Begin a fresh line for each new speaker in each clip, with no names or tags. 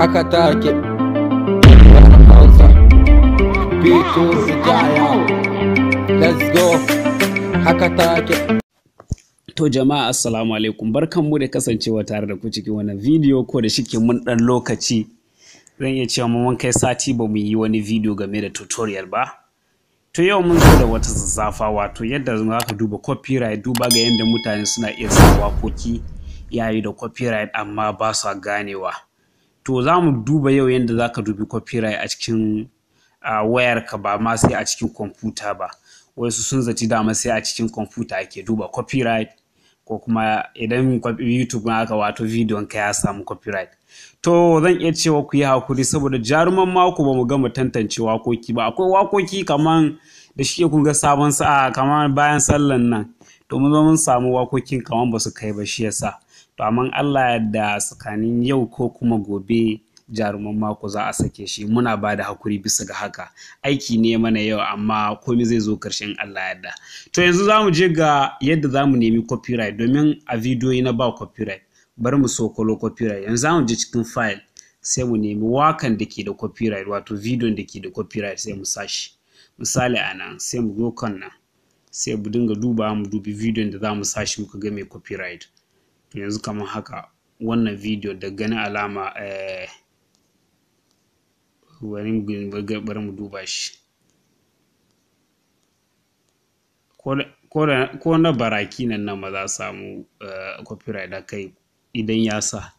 haka take let's go haka take To jama'a assalamu alaikum barkanmu da kasancewa tare da ku cikin wannan bidiyo ko da shike mun dan lokaci zan iya cewa mun kai sati ba mu yi wani bidiyo game da tutorial ba to yau mun zo da wata zazzafa wato yadda za ka duba copyright duba ga yadda mutane suna iya sa wakoki yayi da copyright amma ba sa ganewa to za mu duba yau yadda za ka dubi copyright a cikin wayarka ba ma sai a cikin kwamfuta ba Wai su sun zaci dama sai a cikin kwamfuta ake duba copyright ko kuma idan youtube na aka wato bidiyon ka ya samu copyright to zan iya cewa ku yi hakuri saboda jaruman mako ba mu gama tantance wakoki ba akwai wakoki kaman da shi kun ga sabon sa'a kaman bayan sallan nan to mun samu wakokin kamar ba su kai ba shi yasa to amma Allah yadda tsakanin yau ko kuma gobe jaruman mako za a sake shi muna ba da hakuri bisa ga haka aiki ne mana yau amma komai zai zo karshen Allah yadda to yanzu za mu je ga yadda za mu nemi copyright domin a bidiyoyi na ba copyright bar mu so kolo copyright yanzu za mu je cikin file sai mu nemi wakan da ke da copyright wato bidiyon da ke da copyright sai mu sashi misali a nan sai mu zo kan nan sai mu dinga duba mu dubi bidiyon da za mu sashi muka ga mai copyright yanzu kamar haka wannan video da ganin alama eh, bari mu duba shi ko na baraki nan nan ma za samu eh, copyright da kai idan ya sa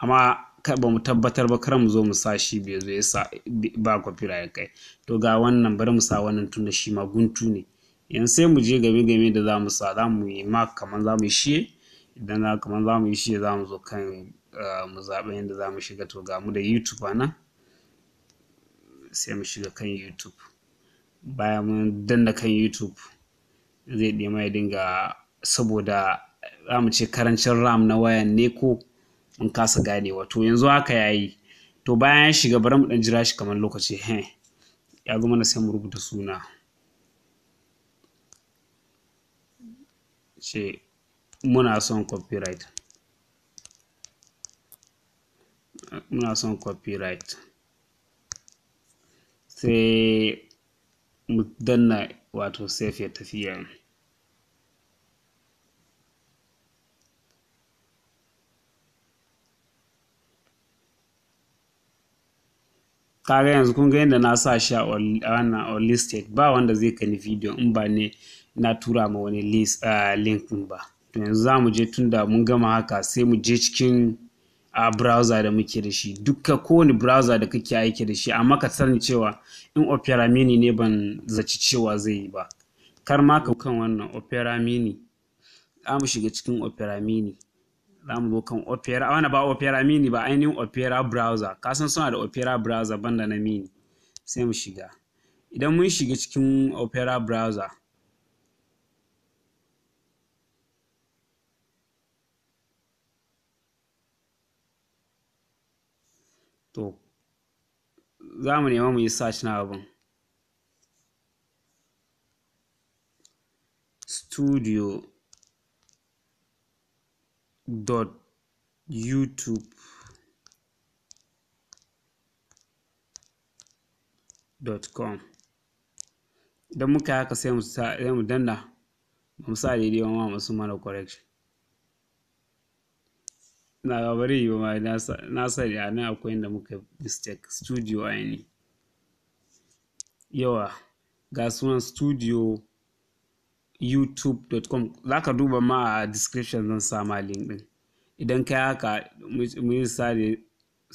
amma ba mu tabbatar ba kar mu zo mu sa shi bai zo ya sa ba copyright kai to ga wannan bari mu sa wannan tunda shi ma guntu ne yanzu sai mu je game game da za mu sa za mu yi mark kamar za mu yi idan za kamar za mu yi shi za mu zo kan eh, mu zaɓi yadda za mu shiga to ga mu da youtube sai mu shiga kan youtube bayan mun danna kan youtube zai ɗi mai dinga saboda za mu ce karancin ram na wayan ne ko mun kasa ganewa to yanzu haka ya yi to bayan ya shiga bari mu ɗan jira shi kamar lokaci he ya zama na sai mu rubuta suna ce muna son copyright muna son copyright sai mu danna wato safe ya tafiya kaga yanzu kun ga yadda na sa shi a wannan listed ba wanda zai kani video in ba ne na tura ma wani ah, link ba yanzu za mu je tun da mun gama haka sai mu je cikin a browser da muke da shi duka kowane browser da kake aiki da shi amma ka sani cewa in opera mini ne ban zaci cewa zai yi ba kar ma ka kan wannan opera mini za mu shiga cikin opera mini za mu kan opera wani ba opera mini ba ainihin opera browser Kasan suna da opera browser banda na mini sai mu shiga idan mun shiga cikin opera browser to za mu nema mu yi search na abin studio dot youtube dot com idan muka haka sai mu danna ba mu sa daidai ba masu mana correction na bari yi ma na sani a nan akwai inda muka mistake studio a ne yawa ga sunan studio youtube.com za ka duba ma a description zan sama link din idan kai haka mu yi sare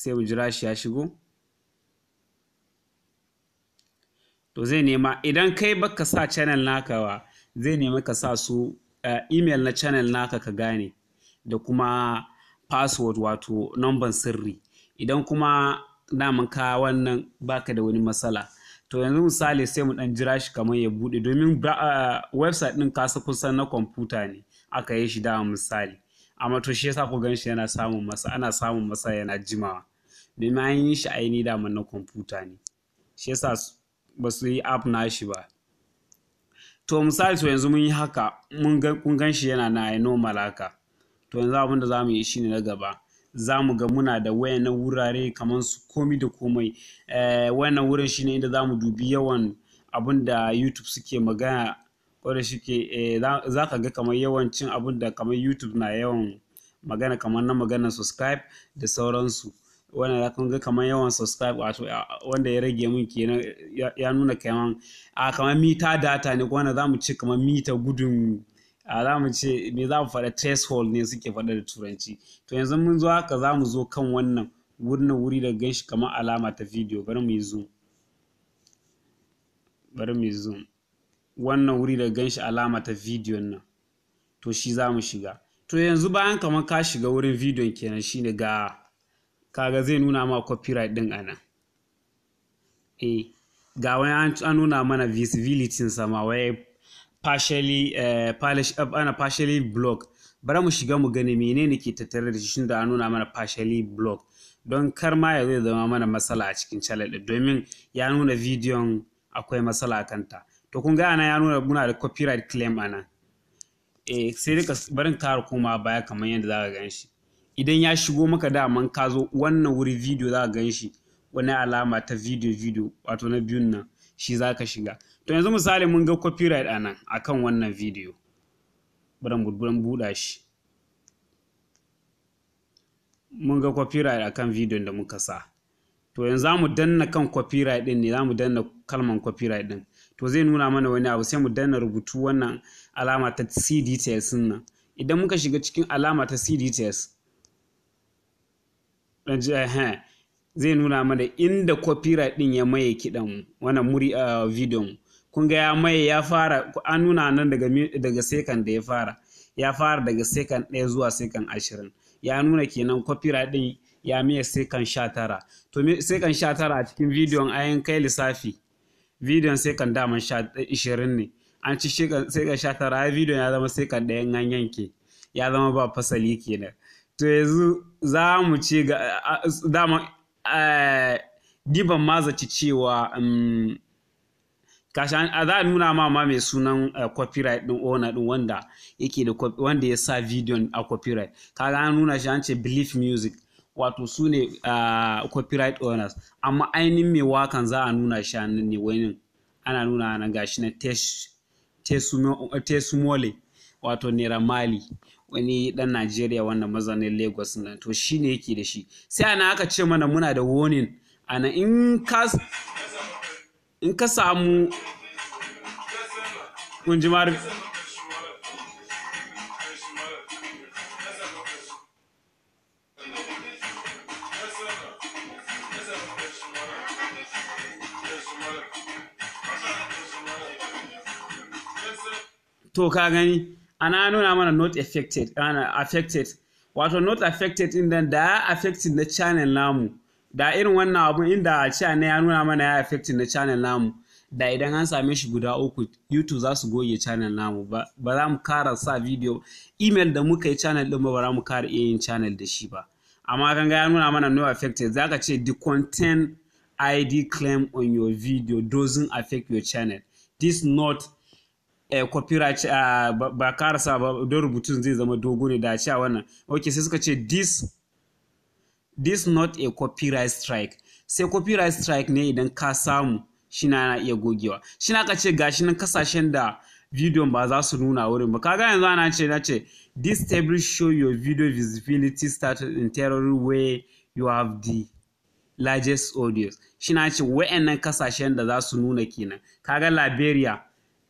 sai mu jira shi ya shigo to zai nema idan kai baka sa channel naka ba zai nema ka sa su eh, email na channel naka ka gane da kuma password wato namban sirri idan kuma daman ka wannan baka da wani matsala to yanzu misali sai mu dan jira shi kamar ya bude domin website din kasa kusan na computer ne aka yi shi dama misali amma to shi yasa ku gan shi yana samun masa ana samun masa yana jimawa domin an yi shi aini daman na computer ne shi yasa ba su yi app na shi ba to misali to yanzu mun yi haka mun gan shi yana na normal haka to yanzu abin da za mu yi ne na gaba za mu ga muna da wayannan wurare kamar su komi da komai eh, wayannan wurin shine inda za mu dubi yawan abin da youtube suke magana wanda shike eh, za ka ga kamar yawancin abin da kamar youtube na yawan magana kamar na magana subscribe da sauransu wannan ya ga kamar yawan subscribe wato wanda ya rage min kenan ya nuna kaman a kamar mita data ne wanda za mu ce kamar mita gudun a za mu ce me za mu faɗa threshold ne suke faɗa da turanci to yanzu mun zo haka za mu zo kan wannan wurin wuri da ganshi kamar alama ta video bari mu yi zoom bari mu yi zoom wannan wuri da ganshi alama ta video nan to shi za mu shiga to yanzu bayan kamar ka shiga wurin video kenan shine ga kaga zai nuna ma copyright din nan. eh ga wani an nuna mana visibility sama waye partially uh, ana partially block bara mu shiga mu gani menene ke tattare da shi da an nuna mana partially block don kar ma ya zai zama mana matsala a cikin channel din domin ya nuna bidiyon akwai matsala a kanta to kun ga ana ya nuna muna da copyright claim ana eh sai dai barin kara koma baya kamar yadda za ka gan shi idan ya shigo maka daman ka zo wannan wuri video zaka ka gan shi wani alama ta video video wato na biyun nan shi zaka shiga to yanzu misali mun ga copyright a nan a kan wannan video Bara mu buɗa shi mun ga copyright a kan video da muka sa to yanzu za mu danna kan copyright ɗin ne za mu danna kalman copyright ɗin to zai nuna mana wani abu sai mu danna rubutu wannan alama ta c details nan idan muka shiga cikin alama ta c details zai nuna mana inda copyright ɗin ya maye kiɗan wannan muri a uh, eh, video kun ga ya mai ya fara an nuna nan daga daga second da ya fara ya fara daga second ɗaya zuwa second ashirin ya nuna kenan copyright din ya miya second sha tara to second sha tara a cikin bidiyon ayan kai lissafi bidiyon second daman sha ishirin ne an ci second sha tara ya bidiyon ya zama second ɗayan an yanke ya zama ba fasali kenan to yanzu za mu ci ga dama giban eh, mazaci cewa um, gashi a za a nuna ma ma mai sunan eh, copyright din owner din wanda yake da wanda ya sa video a copyright kaga an nuna shi an ce belief music wato su ne ah, copyright owners amma ainihin mai wakan za a nuna shi nan ne wani ana nuna nan gashi na tesumole eh, wato naira mali wani dan najeriya wanda mazanin lagos nan to shine yake da shi sai ana aka ce mana muna da warning ana in ka in ka samu kunjimar to ka gani ana nuna mana not affected ana affected wato not affected din da affected na channel namu da irin wannan abun inda a ce na ya nuna mana ya affect na channel namu da idan an same shi guda uku youtube za su goge channel namu ba za mu kara sa video email da muka yi channel din ba ba za mu kara iya yin channel da shi ba amma kan ga ya nuna mana no affected za ka ce the content id claim on your video doesn't affect your channel this not a copyright uh, ba karasa ba don rubutun zai zama dogo ne da a wannan ok sai suka ce this this not a copyright strike sai copyright strike ne idan ka samu shi na iya gogewa shi na ka ce gashi nan kasashen da bidiyon ba za su nuna wurin ba kaga yanzu ana ce na ce this table show your video visibility started in terror where you have the largest audience shi na ce wa'annan kasashen da za su nuna kenan kaga liberia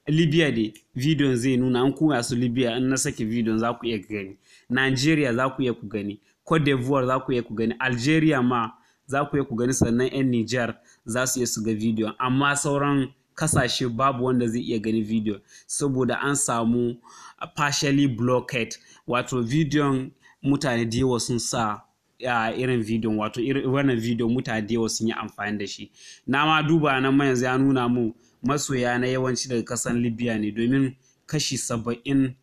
libya dai vidiyon zai nuna an kuma su libya in na saki vidiyon za ku iya gani nigeria za ku iya ku gani cote d'ivoire za ku iya ku gani algeria ma za ku iya ku gani sannan 'yan niger za su iya su ga vidiyon amma sauran kasashe babu wanda zai iya gani video saboda an samu partially blocked wato vidiyon mutane da sun sa uh, irin vidiyon wato irin wannan vidiyon mutane da sun yi amfani da shi na ma duba nan ma yanzu ya nuna mu masoya na yawanci daga kasan libya ne domin kashi saba'in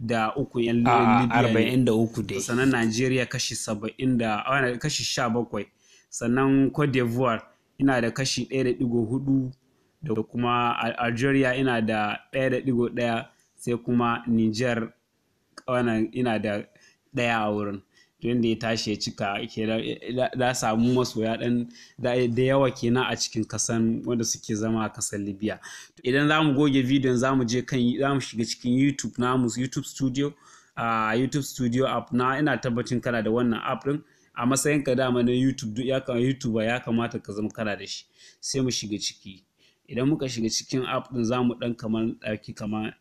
da uku yan ah, libya ne da sannan nigeria kashi saba'in da kashi sha bakwai sannan cote d'ivoire ina da kashi ɗaya da ɗigo hudu da kuma algeria ina da ɗaya da ɗigo ɗaya sai kuma niger ina da ɗaya a wurin wanda ya tashi ya cika da eh, eh, samu masoya dan da yawa kenan a cikin kasan wanda suke zama a kasan libya idan za mu goge bidiyon za mu je kan za mu shiga cikin youtube na mu youtube studio a youtube studio app na ina tabbacin kana da wannan app din a matsayin ka dama na youtube duk ya youtuber ya kamata ka zama kana da shi sai mu shiga ciki idan muka shiga cikin app din za mu dan kamar dauki kamar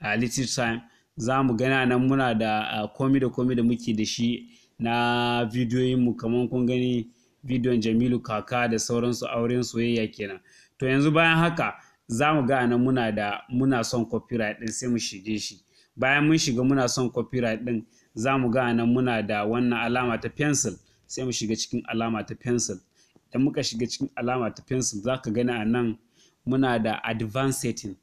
a little time za mu gana nan muna da komi da komi da muke da shi na bidiyoyinmu kamar kun gani bidiyon jamilu kaka da sauransu auren soyayya kenan to yanzu bayan haka za mu gana nan muna da muna son copyright din sai mu shige shi bayan mun shiga muna son copyright din za mu gana nan muna da wannan alama ta pencil sai mu shiga cikin alama ta pencil idan muka shiga cikin alama ta pencil za ka gani a nan muna da advanced setting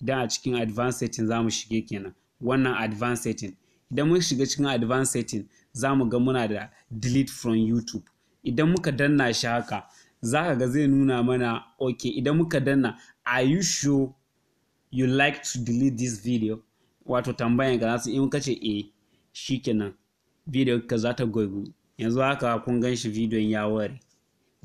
idan a cikin advanced setting za mu shige kenan wannan advanced setting idan mun shiga cikin advanced setting za mu ga muna da delete from youtube idan muka danna shi haka za ka ga zai nuna mana ok idan muka danna are you sure you like to delete this video wato tambayan ga nasu in ka ce e shikenan video ka za ta goyi yanzu haka kun gan shi bidiyon ya ware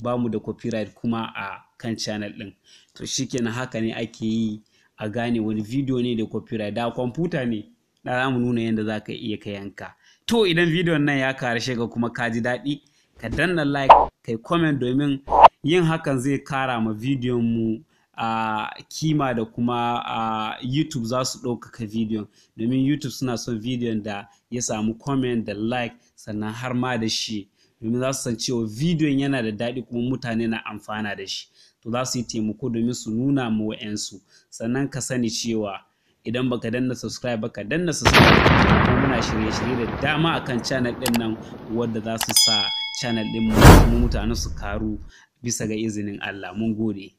ba mu da copyright kuma a kan channel din to shikenan haka ne ake yi a gane wani video ne da copyright da kwamfuta ne da za mu nuna yadda za ka iya ka yanka to idan video nan ya karshe ga kuma ka ji daɗi ka danna like kai comment domin yin hakan zai kara ma bidiyon mu a kima da kuma a youtube za su ɗaukaka bidiyon domin youtube suna son bidiyon da ya samu comment da like sannan har ma da shi domin za su san cewa bidiyon yana da daɗi kuma mutane na amfana da shi to za su yi taimako domin su nuna mu wa'yansu sannan ka sani cewa idan baka danna subscribe baka danna subscribe kuma muna shirye-shirye da dama akan channel din nan wadda za su sa channel din mu mutane su karu bisa ga izinin Allah mun gode